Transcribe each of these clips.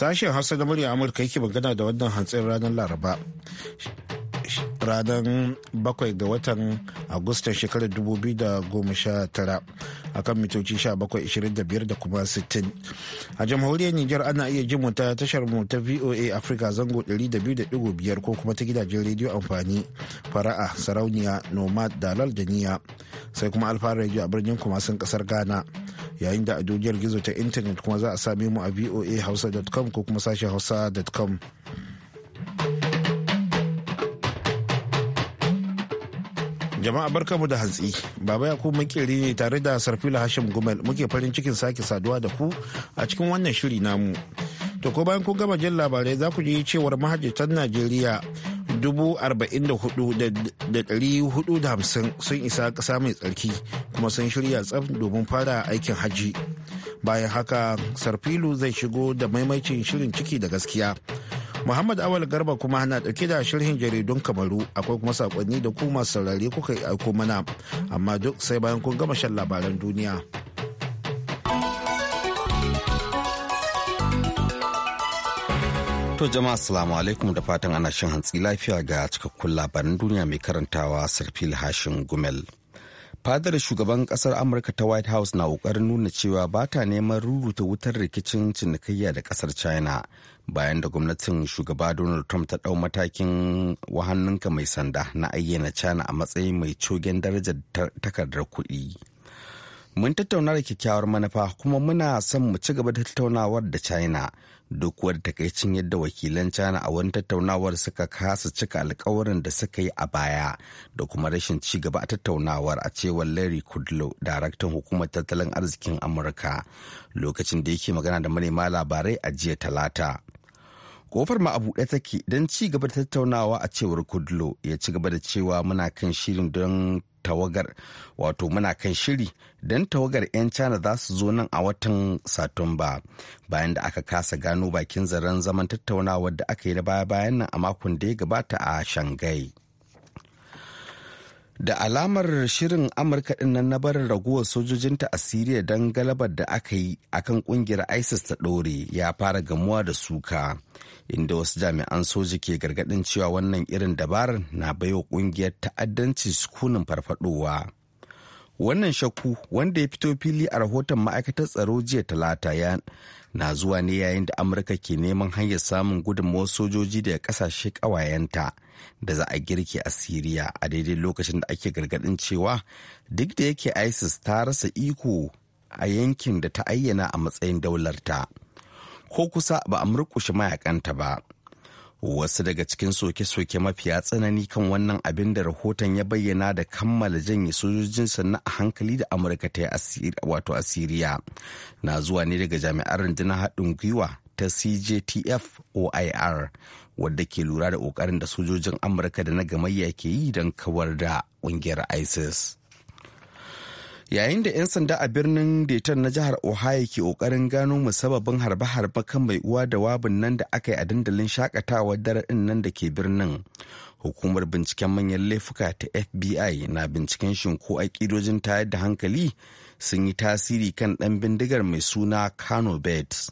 Sashen Hausa da murya Amurka yake magana da wannan hantsin ranar Laraba. ranar 7 ga watan agustan shekarar 2019 akan mitoci 1725 da kuma 60 a jamhuriyar niger ana iya jin ta tashar mu ta voa africa zango 200.5 ko kuma ta gidajen rediyo amfani fara'a sarauniya nomad dalal da niya sai kuma alfa rediyo a birnin kumasin kasar ghana yayin da a duniyar gizo ta intanet kuma za a same mu a voa hausa.com ko kuma sashen hausa.com Jama'a mu da hantsi. Baba ya ku makeri ne tare da Sarfila Hashim Gumel muke farin cikin sake saduwa da ku a cikin wannan shiri namu. To ko bayan kun gama jin labarai za ku ji cewar mahajjatan Najeriya dubu arba'in da hudu da dari hudu da hamsin sun isa ƙasa mai tsarki kuma sun shirya tsaf domin fara aikin hajji. Bayan haka Sarfilu zai shigo da maimaicin shirin ciki da gaskiya. Muhammad Awal Garba kuma na ɗauke da shirhin jaridun Kamaru akwai kuma sakonni da ku masu saurare kuka aiko mana amma duk sai bayan kun gama shan labaran duniya. To jama'a assalamu alaikum da fatan ana shan hantsi lafiya ga cikakkun labaran duniya mai karantawa Sarfil Hashin Gumel. fadar shugaban kasar amurka ta white house na kokarin nuna cewa ba ta neman ruruta wutar rikicin cinikayya da kasar china bayan da gwamnatin shugaba donald trump ta ɗau matakin wahannunka mai sanda na ayyana china a matsayin mai cogen darajar takardar kuɗi mun tattauna da kyakkyawar manufa kuma muna son mu ci gaba da tattaunawar da china duk wadda takaicin yadda wakilan cana a wani tattaunawar suka kasa cika alkawarin da suka yi a baya da kuma rashin ci gaba a tattaunawar a cewar larry kudlow daraktan hukumar tattalin arzikin amurka lokacin da yake magana da manema labarai a jiya talata kofar ma a buɗe take don ci gaba da tattaunawa a cewar kudlo ya ci gaba da cewa muna kan shirin don tawagar wato muna kan shiri don tawagar 'yan china za su zo nan a watan satumba bayan da aka kasa gano bakin zaren zaman tattaunawa da aka yi na baya-bayan nan a makon da ya gabata a shangai. da alamar shirin amurka din nan na barin raguwar sojojinta a siriya don galabar da aka yi akan kungiyar isis ta ɗore ya fara gamuwa da suka inda wasu jami'an soji ke gargadin cewa wannan irin dabarar na baiwa kungiyar ta'addanci sukunin farfadowa wannan shakku wanda ya fito fili a rahoton ma'aikatar tsaro jiya talata ya na zuwa ne yayin da amurka ke neman hanyar samun gudunmawar sojoji daga kasashe ƙawayenta da za a girke a siriya a daidai lokacin da ake gargadin cewa duk da yake isis ta rasa iko a yankin da ta ayyana a matsayin daularta ko kusa ba a murkushe mayakanta ba wasu daga cikin soke-soke mafiya tsanani kan wannan abin da rahoton ya bayyana da kammala janye sojojin sannan a hankali da amurka ta yi a Siriya, na zuwa ne daga jami'ar rundunar haɗin gwiwa ta cjtf oir wadda ke lura da ƙoƙarin da sojojin amurka da na gamayya ke yi don kawar da ƙungiyar isis yayin da 'yan sanda a birnin Dayton na jihar ohio ke kokarin gano musababin harbe-harbe kan mai uwa da wabin nan da aka yi a dandalin shakatawa dare din nan da ke birnin hukumar binciken manyan laifuka ta fbi na binciken shin ko aƙidojin tayar da hankali sun yi tasiri kan ɗan bindigar mai suna kano beds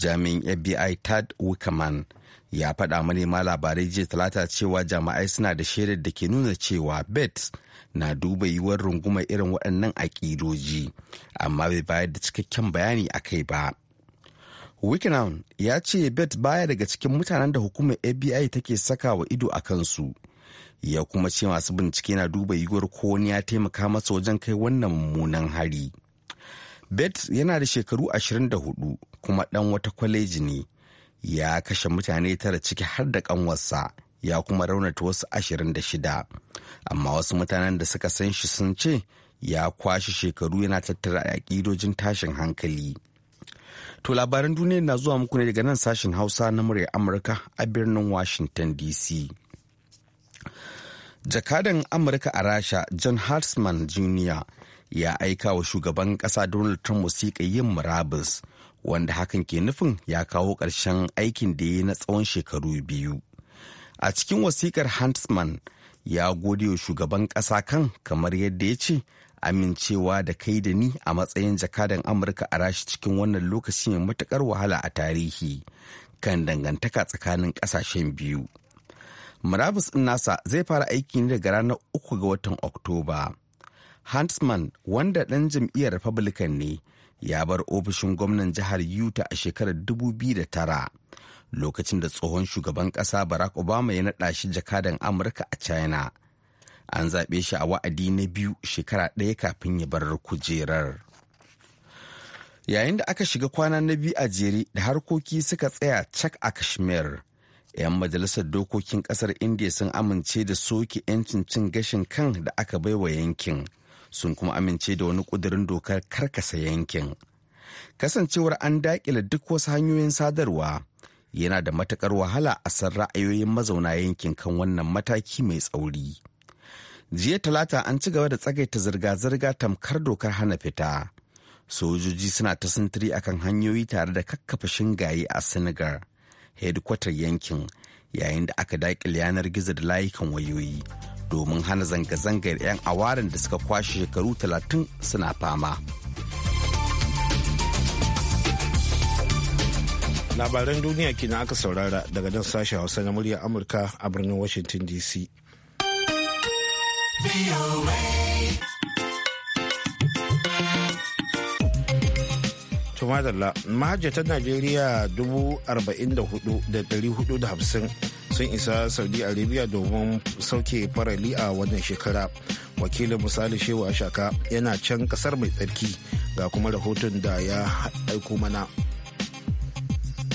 jami'in fbi tad wickerman ya faɗa manema labarai jiya talata cewa jama'ai suna da shaidar da ke nuna cewa bet na duba yiwuwar runguma irin waɗannan aƙidoji amma bai bayar da cikakken bayani a kai ba wikinown ya ce bet baya daga cikin mutanen da hukumar ABI take saka wa ido a kansu ya kuma ce masu bincike na duba yiwuwar ko wani ya taimaka masa wajen kai wannan mummunan hari bet yana da shekaru 24 kuma ɗan wata kwaleji ne ya kashe mutane tara ciki har da kanwarsa ya kuma raunata wasu ashirin da shida amma wasu mutanen da suka san shi sun ce ya kwashe shekaru yana tattara a aƙidojin tashin hankali to labaran duniya na zuwa muku ne daga nan sashen hausa na murya amurka a birnin washington dc jakadan amurka a rasha john hartsman jr ya aika wa shugaban ƙasa donald trump wasiƙa yin murabus wanda hakan ke nufin ya kawo ƙarshen aikin da ya na tsawon shekaru biyu. A cikin wasikar Huntsman ya gode wa shugaban ƙasa kan kamar yadda ya ce amincewa da kai da ni a matsayin jakadan Amurka a rashi cikin wannan lokaci mai matukar wahala a tarihi kan dangantaka tsakanin ƙasashen biyu. Murabus ɗin nasa zai fara aiki ne daga ranar uku ga watan Oktoba. Huntsman wanda ɗan jam'iyyar Republican ne ya bar ofishin gwamnan jihar Utah a shekarar 2009 lokacin da tsohon shugaban ƙasa Barack Obama ya naɗa shi jakadan Amurka a China. An zaɓe shi a wa'adi na biyu shekara ɗaya kafin ya bar kujerar. Yayin da aka shiga kwana na biyu a jere da harkoki suka tsaya cak a Kashmir. 'yan majalisar dokokin ƙasar india sun amince da soke 'yancin cin gashin kan da aka baiwa yankin sun kuma amince da wani ƙudurin dokar karkasa yankin kasancewar an daƙile duk wasu hanyoyin sadarwa yana da matuƙar wahala a san ra'ayoyin mazauna yankin kan wannan mataki mai tsauri jiya talata an ci gaba da tsagaita zirga-zirga tamkar dokar hana fita sojoji suna ta sintiri akan hanyoyi tare da kakkafa shingaye a senegal hedikwatar yankin yayin da aka daƙile yanar gizo da layukan wayoyi domin hana zanga-zangar 'yan awarin da suka kwashe shekaru 30 suna fama. labaran duniya kenan aka saurara daga nan sashen hausa na murya amurka a birnin washington dc. To madalla, mahajjatar Najeriya 44,450 sun isa Saudi Arabia domin sauke farali a wannan shekara. Wakilin misali Shehu Ashaka yana can kasar mai tsarki ga kuma rahoton da ya aiko mana.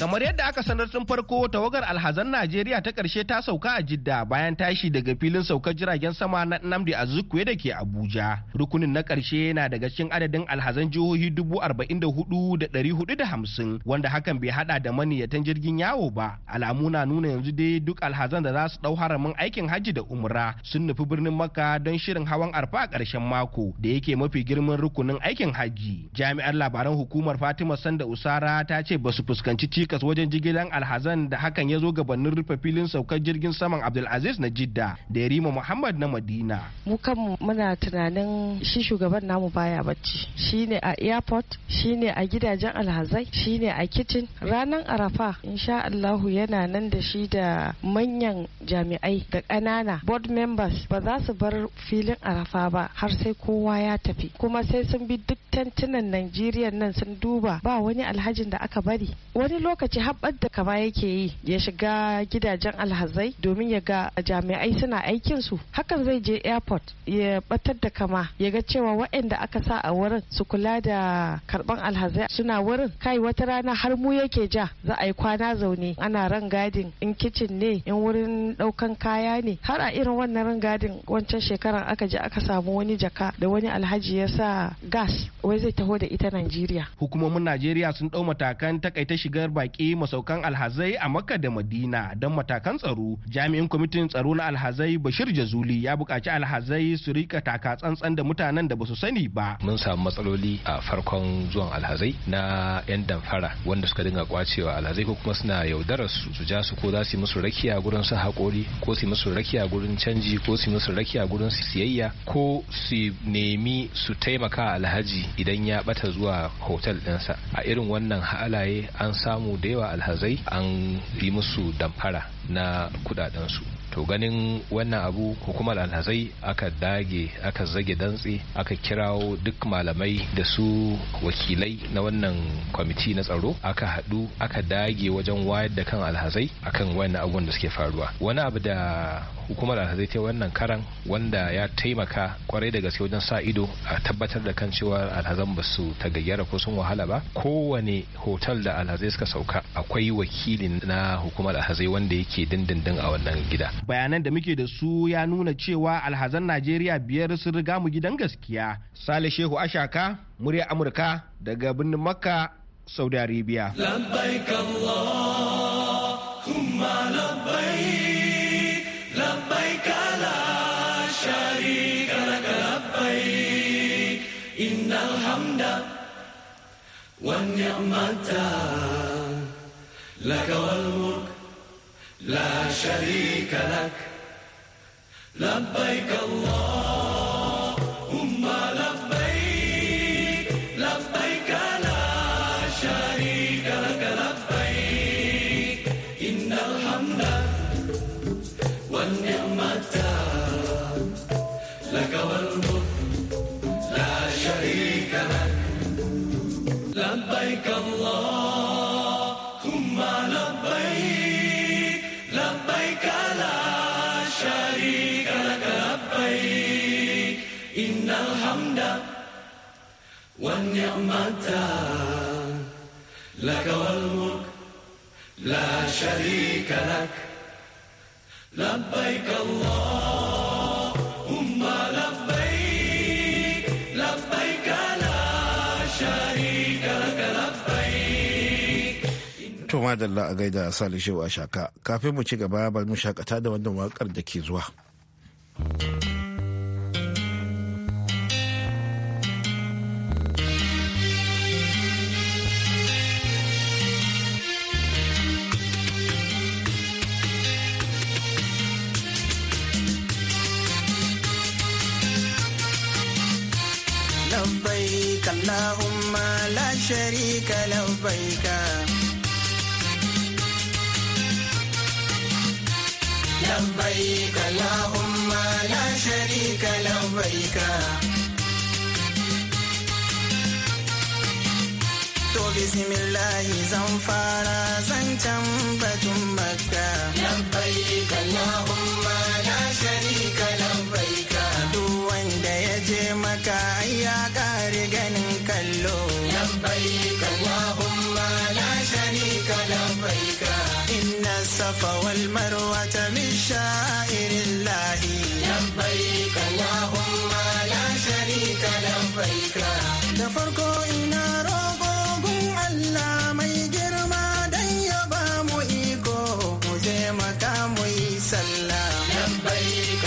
Kamar yadda aka sanar tun farko tawagar alhazan Najeriya ta karshe ta sauka a Jidda bayan tashi daga filin saukar jiragen sama na Nnamdi Azikiwe da ke Abuja. Rukunin na karshe na daga cikin adadin alhazan jihohi dubu arba'in da hudu da ɗari hudu da hamsin wanda hakan bai hada da maniyatan jirgin yawo ba. Alamu na nuna yanzu dai duk alhazan da za su ɗau haramin aikin hajji da umra sun nufi birnin Makka don shirin hawan arfa a karshen mako da yake mafi girman rukunin aikin hajji. Jami'ar labaran hukumar Fatima Sanda Usara ta ce ba su fuskanci cikas wajen jigilan alhazan da hakan ya zo gabanin rufe filin saukar jirgin saman abdulaziz na jidda da yarima muhammad na madina mu kanmu muna tunanin shi shugaban namu baya bacci ne a airport Shi ne a gidajen alhazai Shi ne a kitchen ranar arafa insha allahu yana nan da shi da manyan jami'ai da ƙanana board members ba za su bar filin arafa ba har sai kowa ya tafi kuma sai sun bi duk tantunan najeriya nan sun duba ba wani alhajin da aka bari wani lokaci lokaci haɓar da kama yake yi ya shiga gidajen alhazai domin ya ga jami'ai suna aikin su hakan zai je airport ya batar da kama ya ga cewa waɗanda aka sa a wurin su kula da karban alhazai suna wurin kai wata rana har mu yake ja za a yi kwana zaune ana ran gadin in kicin ne in wurin ɗaukan kaya ne har a irin wannan ran gadin wancan shekaran aka je aka samu wani jaka da wani alhaji ya sa gas wai zai taho da ita Najeriya. Hukumomin Najeriya sun ɗau matakan takaita shigar baki masaukan alhazai a makka da madina don matakan tsaro jami'in kwamitin tsaro na alhazai bashir jazuli ya bukaci alhazai su rika taka tsantsan da mutanen da basu sani ba mun samu matsaloli a farkon zuwan alhazai na yan damfara wanda suka dinga kwacewa alhazai ko kuma suna yaudarar su su ja su ko za su yi musu rakiya gurin su haƙori ko su yi musu rakiya gurin canji ko su yi musu rakiya gurin siyayya ko su nemi su taimaka alhaji idan ya bata zuwa hotel ɗinsa a irin wannan halaye an samu samu da yawa alhazai an yi musu damfara na kudadensu to ganin wannan abu hukumar alhazai aka dage aka zage dantse aka kirawo duk malamai da su wakilai na wannan kwamiti na tsaro aka haɗu aka dage wajen wayar da kan alhazai akan wannan abubuwan da suke faruwa wani abu da hukumar alhazai ta wannan karan wanda ya taimaka kwarai da gaske wajen sa ido a tabbatar da kan cewa alhazan ba su tagayyara ko sun wahala ba kowane hotel da alhazai suka sauka akwai wakili na hukumar alhazai wanda yake dindindin a wannan gida bayanan da muke da su ya nuna cewa alhazan najeriya biyar sun riga mu gidan gaskiya sale shehu ashaka murya amurka daga birnin makka saudi arabia والنعمة لك والملك لا شريك لك لبيك اللهم لبيك لبيك لا شريك لك لبيك إن الحمد والنعمة لك والملك لا شريك لك لبيك الله والنعمة لك والملك لا شريك لك لبيك اللهم لبيك لبيك لا شريك لك لبيك to madalla a gaida salishewa shaka kafin mu ci gaba bari mu shakata da wannan wakar da ke zuwa. لبيك اللهم لا شريك لبيك لبيك اللهم لا شريك لبيك To bismillahi zan fara zancen batun bakka. Labbaik Allahumma والمروة من شائر الله لبيك اللهم لا شريك لبيك da farko ina roƙo Allah mai girma dan ya ba mu iko mu je maka mu yi sallah labbaik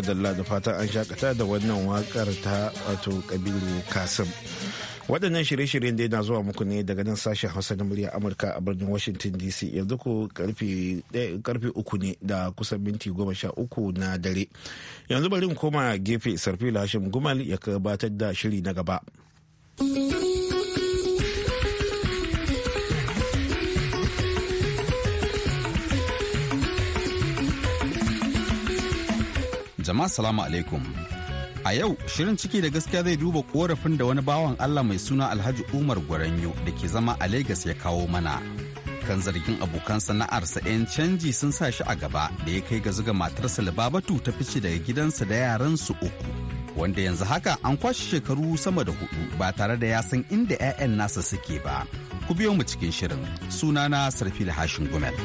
dalla da fatan an shakata da wannan wakar ta wato kabiru kasim waɗannan shirye-shiryen da na zuwa muku ne daga nan sashen hausa na murya amurka a birnin washington dc yanzu ku karfe uku ne da kusan minti goma sha uku na dare yanzu bari koma gefe sarfila hashim gumal ya gabatar da shiri na gaba. jama'a salamu alaikum. A yau shirin ciki da gaskiya zai duba korafin da wani bawan Allah mai suna Alhaji Umar Gwaranyo da ke zama a Legas ya kawo mana. Kan zargin abokan sana'arsa 'yan canji sun sa shi a gaba da ya kai ga zuga matarsa Libabatu ta fice daga gidansa da yaransu uku. Wanda yanzu haka an kwashe shekaru sama da hudu ba tare da ya san inda 'ya'yan nasa suke ba. Ku biyo mu cikin shirin sunana Sarfil Hashin Gumel.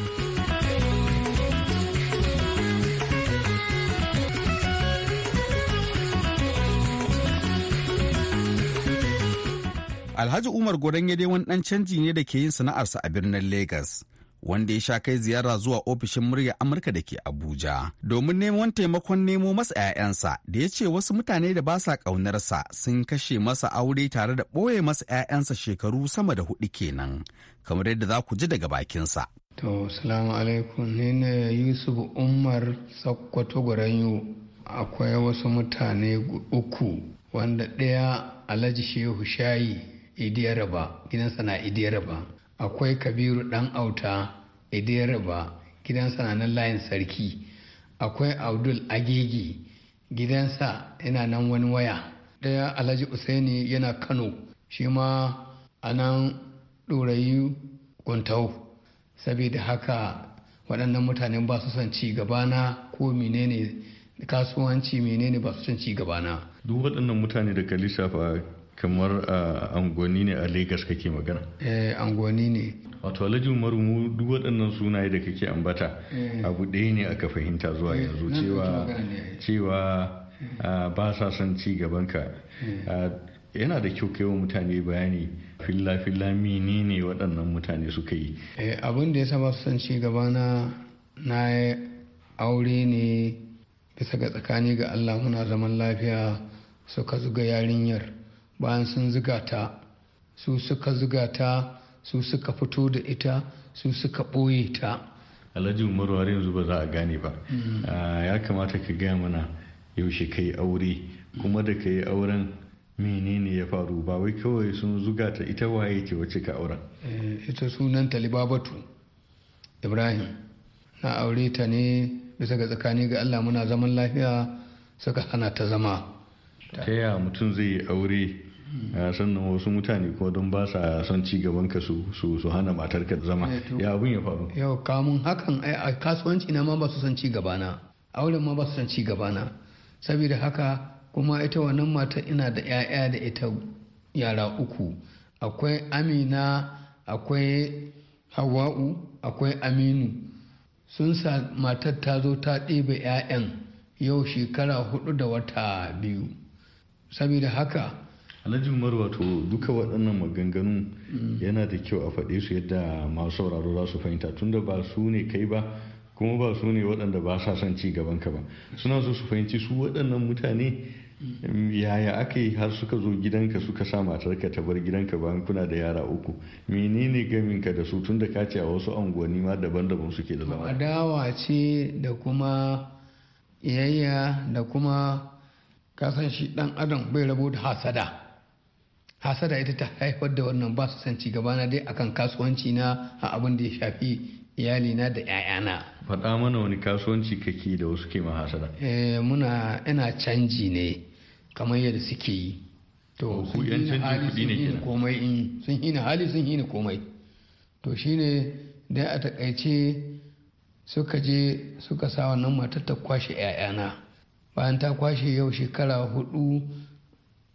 Alhaji Umar ya dai wani ɗan canji ne da ke yin sana'arsa a birnin Legas. Wanda ya sha kai ziyara zuwa ofishin murya Amurka da ke Abuja domin neman taimakon nemo masa 'ya'yansa da ya ce wasu mutane da ba sa ƙaunarsa sun kashe masa aure tare da ɓoye masa 'ya'yansa shekaru sama da hudu kenan kamar yadda za ku ji daga bakinsa. To, salamu alaikum, ni ne Yusuf Umar Sakkwato Gwaranyo. Akwai wasu mutane uku wanda ɗaya Alhaji Shehu Shayi idiyaraba gidansa na idiyaraba akwai kabiru dan auta idiyaraba gidansa na nan layin sarki akwai abdul agege gidansa yana nan wani waya daya alhaji usaini yana kano shi ma a nan ɗorayi guntau saboda haka waɗannan mutane ba su son ci gabana ko menene kasuwanci menene ba su son ci gabana duk waɗannan mutane da ka lissafa kamar angoni ne a Legas kake magana eh angoni ne wato alhaji umaru mu duk waɗannan sunaye da kake ambata eh. abu ɗaya ne aka fahimta zuwa eh, yanzu cewa cewa eh. ba sa son ci gaban ka yana da kyau kai wa mutane bayani filla filla mini ne waɗannan mutane suka yi abin da ya saba su son ci gaba na na aure ne bisa ga tsakani ga Allah muna zaman lafiya suka zuga yarinyar bayan sun zuga ta su suka zuga ta su suka fito da ita su suka ɓoye ta alhaji Umar yanzu ba za a gane ba mm. ah, ya kamata ka gaya mana yaushe ka yi aure kuma da ka yi auren menene ya faru ba wai kawai sun zuga ta ita waye ce wace ka auren eh, ita sunan talibabatu ibrahim na aure ta ne bisa ga tsakani ga allah muna zaman lafiya suka hana ta zama ta yaya mutum zai yi aure Eh, sannan wasu mutane ko don ba sa son ci gaban ka su su hana matar ka zama eh, ya abun ya faru yau kamun hakan a kasuwanci na ma ba su son ci na auren ma ba su son ci na. saboda haka kuma ita wannan mata ina da 'ya'ya da ita yara uku akwai amina akwai hawa'u akwai aminu sun sa matar ta zo ta ɗebe 'ya'yan yau shekara hudu da wata biyu saboda haka alhaji umar wato duka waɗannan maganganu yana da kyau a faɗe su yadda masu sauraro za su fahimta tunda ba su ne kai ba kuma ba su ne waɗanda ba sa son ci gaban ka ba suna so su fahimci su waɗannan mutane yaya aka yi har suka zo gidanka suka sa matarka ta bar gidanka bayan kuna da yara uku menene gaminka da su tunda ka ce a wasu unguwanni ma daban-daban suke da zama adawa ce da kuma iyayya da kuma kasan shi dan adam bai rabo da hasada hasada ita ta haifar da wannan ba su san na dai akan kasuwanci na a abin da ya shafi iyalina da 'ya'yana. faɗa mana wani kasuwanci kake da wasu ke hasada eh muna ina canji ne kamar yadda suke yi to oh, sun kenan komai in sun hina hali sun hina komai to shine dai a takaice suka je suka sa wannan matar ta kwashe 'ya'yana bayan ta kwashe yau shekara hudu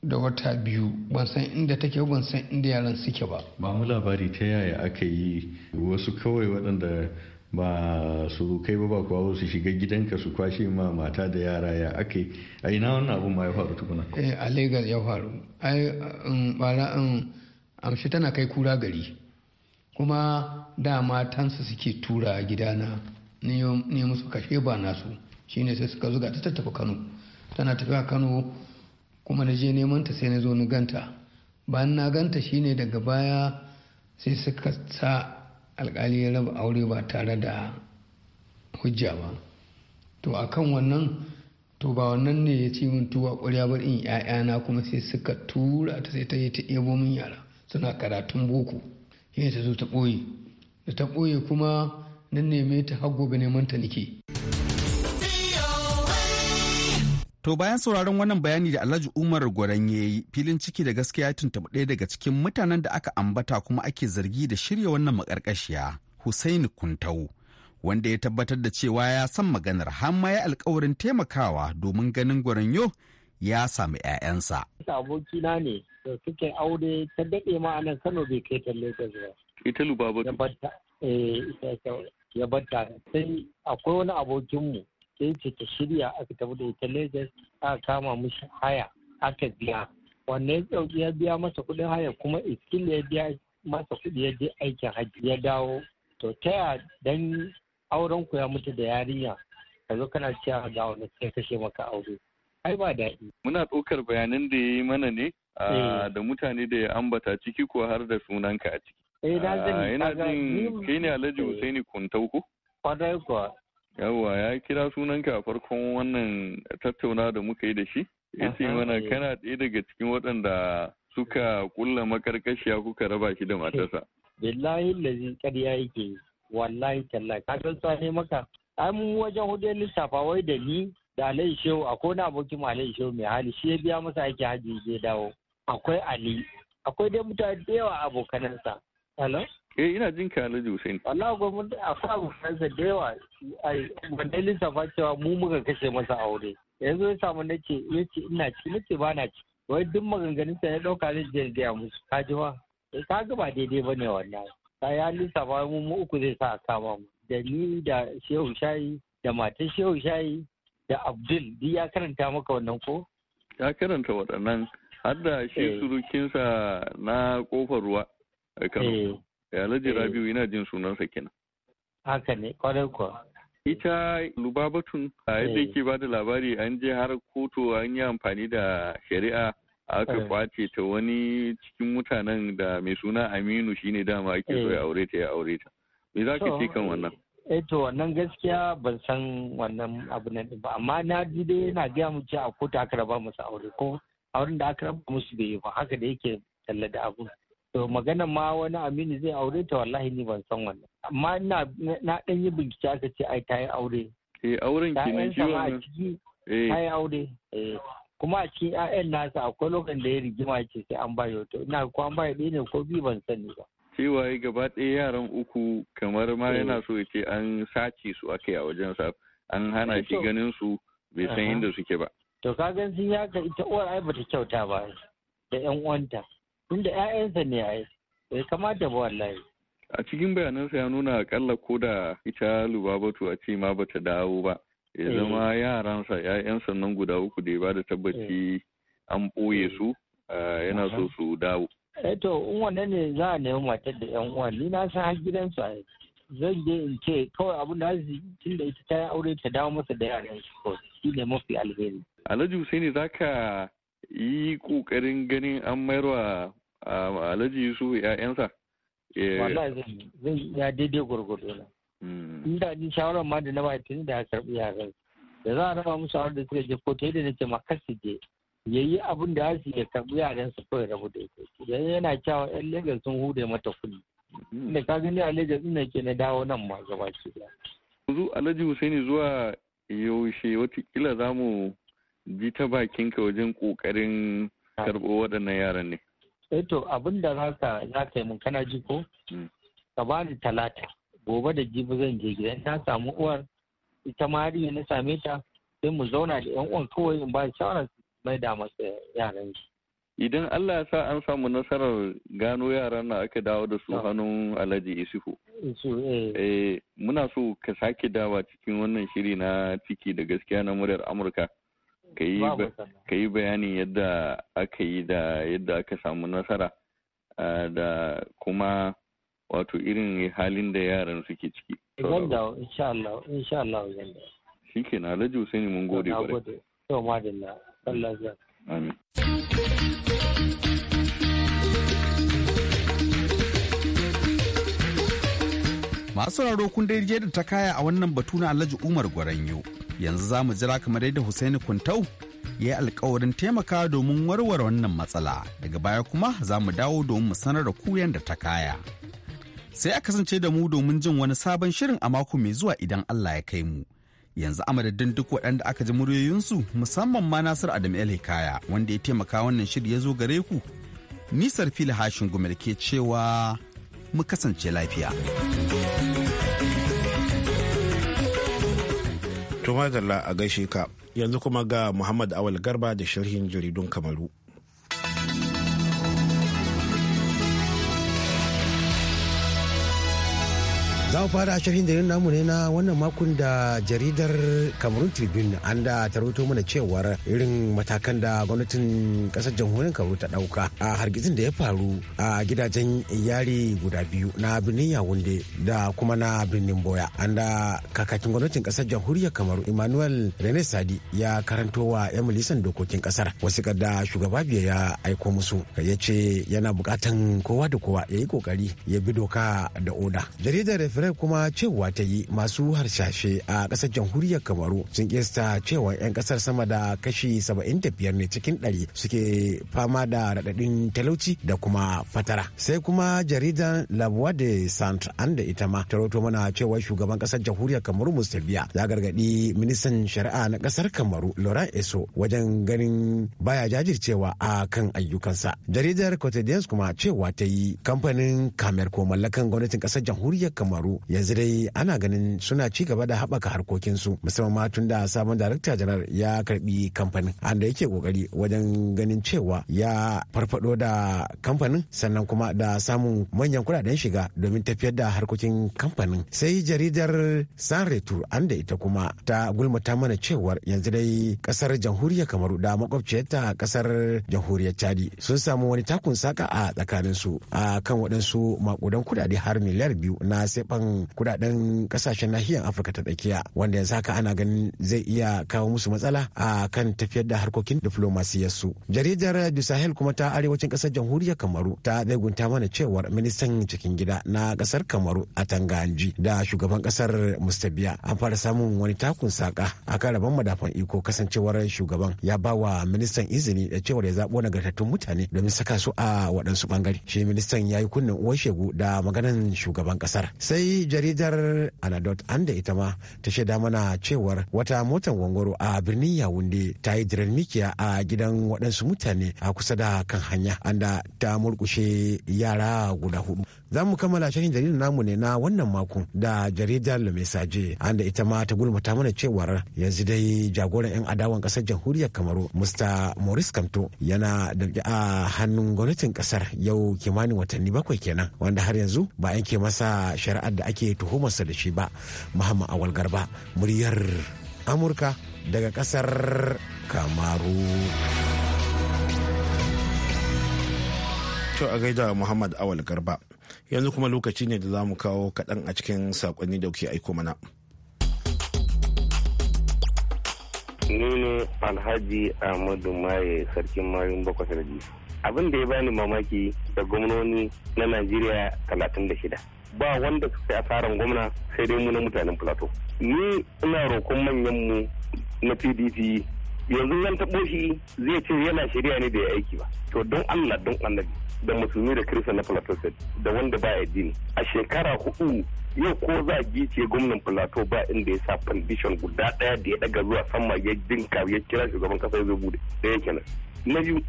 da wata biyu ban san inda take ban san inda yaran suke ba ba mu labari ta yaya aka yi wasu kawai waɗanda ba su kai ba ba kuwa su shiga gidanka su kwashe ma mata da yara ya aka yi a ina wannan abu ma ya faru tukuna eh a Legas ya faru ai bara an amshi tana kai kura gari kuma da matansa suke tura gidana ne musu kashe ba nasu shine sai suka zuga ta tafi Kano tana tafi a Kano kuma na je neman ta sai na zo na ganta bayan na ganta shine daga baya sai suka sa alkali ya raba aure ba tare da hujja ba to akan wannan to ba wannan ne ya ce min tuwa ƙwarya bar in ‘ya'yana kuma sai suka tura ta sai ta yi ta ebo min yara suna karatun boko yin ta zo ta ɓoye da ta ɓoye kuma na neme ta har gobe neman ta nike To bayan sauraron wannan bayani da Alhaji Umar Gwaran ya yi filin ciki da gaskiya ya tuntuɓi ɗaya daga cikin mutanen da aka ambata kuma ake zargi da shirya wannan makarkashiya Hussaini Kuntau wanda ya tabbatar da cewa ya san maganar har ma ya alkawarin taimakawa domin ganin Gwaranyo ya sami 'ya'yansa. Abokina ne da suke aure ta daɗe ma anan Kano bai kai ta Lagos ba. Ita Lubabatu. Ya batta. Eh, ya batta. Sai akwai wani abokinmu Sai ce ta shirya aka tafi da ita Legas aka kama mishi haya aka biya wanne ya ya biya masa kuɗin haya kuma iskil ya biya masa kuɗi ya je aikin hajji ya dawo to taya dan auren ku ya mutu da yarinya ka zo kana cewa ga wani sai kashe maka aure ai ba daɗi. Muna ɗaukar bayanan da yayi yi mana ne eh. da mutane da ya ambata ciki ko har da sunanka a ciki. Eh na ah, Ina jin kai ne Alhaji Husaini Kuntauku? ko? kuwa yawwa ya kira sunanka a farkon wannan tattauna da muka yi da shi ya ce mana kana ɗaya daga cikin waɗanda suka kulla makarkashiya kuka raba shi da matarsa billahi lazi ƙarya yake wallahi talla ka san sai maka ai wajen hudu lissafa wai da ni da alai Shehu ko na abokin alai Shehu mai hali shi ya biya masa aiki haji ya dawo akwai Ali akwai dai mutane da yawa abokanansa hello eh ina jin ka Alhaji Hussein wallahi gwamnati a sa mu fansa da yawa ai ba cewa mu muka kashe masa aure yanzu ya samu nake yace ina ci nake ba na ci wai duk maganganun sa ya dauka ne da ya musu ka ji ba eh, ka ga ba daidai bane wallahi ka ya ba mu mu uku zai sa a kama mu da ni da Shehu Shayi da matan Shehu Shayi da Abdul duk ya karanta maka wannan ko ya karanta waɗannan har da shi eh. surukinsa na kofar ruwa a eh. Eh, Alhaji eh. Rabiu ina jin sunansa kenan. Haka ne, kwarai kuwa. Ita Lubabatun a yadda eh. yake ba da labari an je har kotu an yi amfani da shari'a aka kwace ta wani cikin mutanen da mai suna Aminu shine dama ake so ya aure ta ya aure ta. Me za ka ce kan wannan? Eh to wannan gaskiya ban san wannan abu nan ba amma na ji dai yana gaya mu a kotu aka raba musu aure ko auren da aka raba musu bai yi ba haka da yake talla da abu. to magana ma wani aminu zai aure ta wallahi ni ban san wannan amma na dan yi bincike aka ce ai ta yi aure eh auren kenan shi wannan ta yi eh. aure eh, kuma a cikin 'ya'yan nasa akwai lokacin da ya rigima ce sai an bayo to ina ko an bayo ɗaya ne ko biyu ban sani ba cewa ya gaba ɗaya yaran uku kamar ma yana so ya ce an sace su aka a wajen sa an hana shi ganin su bai san inda suke ba to ka gan sun ka ita uwar ai bata kyauta ba da yan uwanta tunda ƴaƴansa ne ai bai kamata ba wallahi a cikin bayanansa ya nuna akalla ko da ita lubabatu a ce ma bata dawo ba ya eh. zama yaransa ƴaƴansa nan guda uku da ya bada tabbaci eh. an ɓoye su yana so su dawo Eto eh to in wannan ne za a nemi matar da yan uwan ni na san har gidansu a zan je in ce kawai abin da zai tunda ita ta yi aure ta dawo masa da yaran su ko shi ne mafi alheri Alhaji za zaka yi kokarin ganin an mayar wa alhaji su ya'yansa eh. ya daidai gwargwado na hmm. inda ni shawarar ma da na mahaifin da ya karbi yaran da za a raba musu shawarar da suka je ko ta yadda nake ma su je ya yi abin da su ya karbi yaran su kawai rabu da ita idan yana kyawa yan legas sun hude mata kuɗi hmm. da ka gani a legas ina ke na dawo nan ma gaba ba. yanzu alhaji husaini zuwa yaushe watakila za mu ji ta bakinka wajen ƙoƙarin karɓo waɗannan yaran ne? Eto, eh to abin da za ka yi mun kana ji ko? Hmm. Ka ba ni talata gobe da jibi zan je gida ta samu uwar ita ma har na same ta sai mu zauna da ƴan uwan kawai in ba shawara mai da masa yaran shi. Idan Allah ya sa an samu nasarar gano yaran na aka dawo da su ah. hannun Alhaji Isufu. Eh. Eh, muna so ka sake dawa cikin wannan shiri na ciki da gaskiya na muryar Amurka. ka yi bayanin yadda aka yi da yadda aka samu nasara da kuma wato irin halin da yaran suke ciki. Eh, zan dawo, insha Allah, insha Allah zan Shi ke na Alhaji Husaini mun gode bare. Yau ma Allah, Allah Amin. Masu sauraro daidai dai da ta kaya a wannan batu na Alhaji Umar Gwaranyo. yanzu za mu jira kamar yadda Hussaini Kuntau ya yi alkawarin taimaka domin warware wannan matsala daga baya kuma za mu dawo domin mu sanar da ku yadda ta kaya. Sai a kasance da mu domin jin wani sabon shirin a mako mai zuwa idan Allah ya kai mu. yanzu amadadin duk waɗanda aka ji muryoyinsu musamman ma Nasir Adam El Hikaya wanda ya taimaka wannan shirin ya zo gare ku. Nisar fili hashin gumel ke cewa mu kasance lafiya. Tuma a gaishe ka yanzu kuma ga Muhammad Awal Garba da sharhin jaridun Kamaru. za mu fara shirin da namu ne na wannan makon da jaridar cameroon tribune an da ta rubuto mana cewar irin matakan da gwamnatin kasar jamhuriyar kamaru ta dauka a hargitsin da ya faru a gidajen yari guda biyu na birnin yawunde da kuma na birnin boya an da kakakin gwamnatin kasar jamhuriyar kamaru emmanuel rene sadi ya karanto wa yan milisan dokokin kasar wasu da shugaba biya ya aiko musu ya ce yana bukatan kowa da kowa ya yi kokari ya bi doka da oda jaridar labarai kuma cewa ta yi masu harshashe a ƙasar jamhuriyar kamaru sun kista cewa 'yan ƙasar sama da kashi 75 ne cikin ɗari suke fama da raɗaɗin talauci da kuma fatara sai kuma jaridan labuwa de an anda ita ma ta mana cewa shugaban ƙasar jamhuriyar kamaru musta biya ya gargaɗi ministan shari'a na ƙasar kamaru laurent eso wajen ganin baya jajircewa a kan ayyukansa jaridar quotidians kuma cewa ta yi kamfanin kamer ko mallakan gwamnatin ƙasar jamhuriyar kamaru shekaru yanzu dai ana ganin suna ci gaba da haɓaka harkokinsu musamman ma tun da sabon darakta janar ya karbi kamfanin anda yake kokari wajen ganin cewa ya farfado da kamfanin sannan kuma da samun manyan kudaden shiga domin tafiyar da harkokin kamfanin sai jaridar san an da ita kuma ta gulmata mana cewar yanzu dai kasar jamhuriyar kamaru da makwabciyarta kasar jamhuriyar chadi sun samu wani takun saka a tsakaninsu a kan waɗansu makudan kudade har miliyar biyu na sefa Kan kudaden kasashen nahiyar afirka ta tsakiya wanda yanzu haka ana ganin zai iya kawo musu matsala a kan tafiyar da harkokin su, jaridar du sahel kuma ta arewacin kasar jamhuriyar kamaru ta zagunta mana cewar ministan cikin gida na kasar kamaru a tanganji da shugaban kasar mustabiya an fara samun wani takun saka a kan rabon madafan iko kasancewar shugaban ya ba wa ministan izini da cewar ya zaɓo nagartattun mutane domin saka su a waɗansu ɓangare shi ministan ya yi kunnen uwar shegu da maganan shugaban kasar sai jaridar anadot anda ita ma ta shaida mana cewar wata motar wangwaro a birnin yawunde ta yi jiran mikiya a gidan waɗansu mutane a kusa da kan hanya anda ta murkushe yara guda hudu za mu kammala shirin jaridar namu ne na wannan makon da jaridar An da ita ma ta gulmata mana cewar yanzu dai jagoran 'yan adawan kasar jamhuriyar kamaru mr maurice kamto yana da a hannun gwamnatin kasar yau kimanin watanni bakwai kenan wanda har yanzu ba yanke masa shari'ar da ake tuhumarsa da shi ba muhammad awal garba muryar amurka daga kasar kamaru to a gaida Muhammad Awal Garba. yanzu kuma lokaci ne da za mu kawo kaɗan a cikin saƙonni da kuke aiko mana. ni ne alhaji ahmadu maye sarkin mayun bakwai sarki abin da ya bani mamaki da gwamnoni na najeriya talatin da shida ba wanda suka a asaran gwamna sai dai mu na mutanen plateau ni ina roƙon manyanmu na pdp yanzu yan taɓo shi zai ce yana shirya ne da ya aiki ba to don allah don annabi da musulmi da kirista na plateau da wanda ba addini a shekara hudu yau ko za a gice gwamnan plateau ba inda ya sa foundation guda daya da ya daga zuwa sama ya dinka ya kira shugaban kasa ya bude da ya kenan na biyu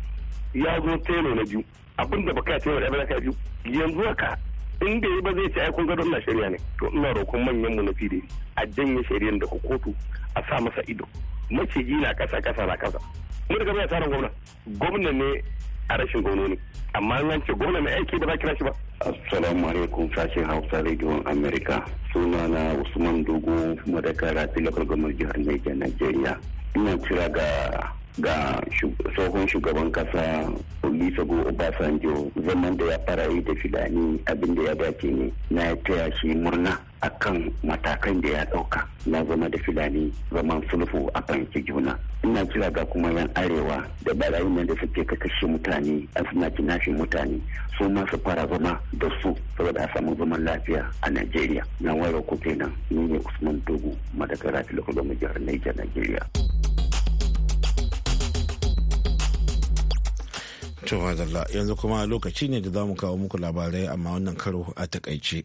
ya zo telo na biyu abin da baka telo da baka biyu yanzu haka in da yi ba zai ci aikun gadon na shari'a ne to ina roƙon manyan mu na fide a janye shari'ar da kotu a sa masa ido maciji na kasa kasa na kasa mun ga bai tsarin gwamna gwamna ne a rashin ne amma an ce gwamna mai aiki ba za kira shi ba assalamu alaikum sashen hausa rediyon america suna na usman dogo madaka rafi lokal jihar niger nigeria ina kira ga ga tsohon shugaban kasa olusegun obasanjo zaman da ya fara yi da filani abin da ya dace ne na taya shi murna kan matakan da ya ɗauka na zama da filani zaman sulfu a fahimci juna ina kira ga kuma yan arewa da barayin da suke kashe mutane a suna kinashin mutane su ma su fara zama da su saboda a samu zaman lafiya a najeriya na wayar ko kenan ni ne usman dogo madagara mu jihar niger nigeria. Cewa yanzu kuma lokaci ne da za mu kawo muku labarai amma wannan karo a takaice.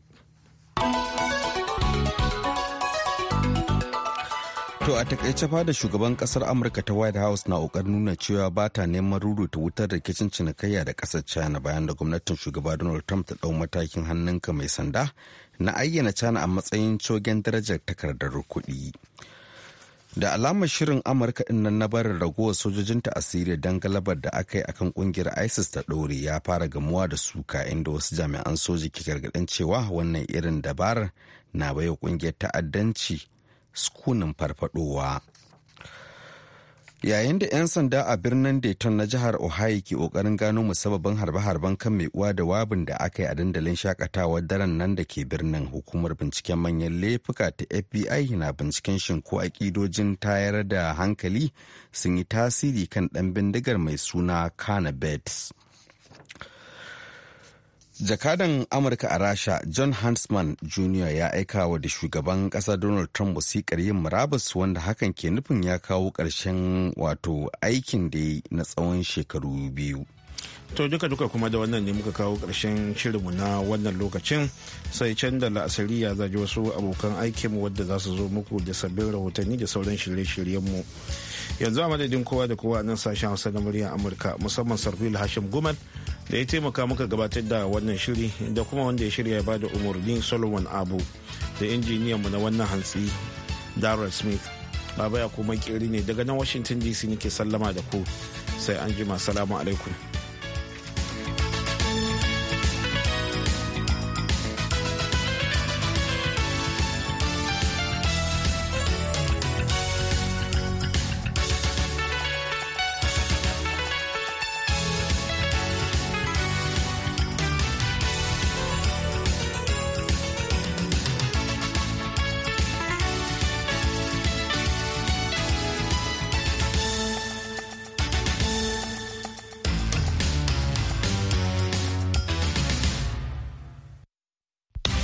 To a takaice fada shugaban kasar Amurka ta White House na kokarin nuna cewa ba ta neman ta wutar rikicin cinikayya da kasar China bayan da gwamnatin shugaba Donald Trump ta ɗau matakin hannunka mai sanda na ayyana China a matsayin cogen darajar takardar kuɗi. da alamar shirin amurka din na barin ragowar sojojinta a siriya don galabar da aka yi a kan kungiyar isis ta ɗore ya fara gamuwa da suka inda wasu jami'an soji ke gargaɗin cewa wannan irin dabarar na baiwa kungiyar ta'addanci sukunin farfadowa yayin da 'yan sanda a birnin dayton na jihar ohio ke kokarin gano musabbabin harbe-harben kan mai uwa da wabin da aka yi a dandalin shakatawa daren nan da ke birnin hukumar binciken manyan laifuka ta fbi na binciken shin ko akidojin tayar da hankali sun yi tasiri kan ɗan bindigar mai suna kana jakadan amurka a rasha john hansman jr ya aika wa da shugaban kasa donald trump wasikar yin murabus wanda hakan ke nufin ya kawo ƙarshen wato aikin da ya na tsawon shekaru biyu to duka duka kuma da wannan ne muka kawo ƙarshen shirinmu na wannan lokacin sai can da la'asari ya zaji wasu abokan aikinmu wadda za su zo muku da sabbin rahotanni da sauran shirye-shiryenmu. mu yanzu a madadin kowa da kowa nan sashen hausa na muryar amurka musamman sarfil hashim gumal da ya taimaka muka gabatar da wannan shiri da kuma wanda ya shirya ya bada umarni solomon abu da injiniyan mu na wannan hantsi darren smith baba ya kuma kiri ne daga nan washington dc nake sallama da ku sai an jima salamu alaikum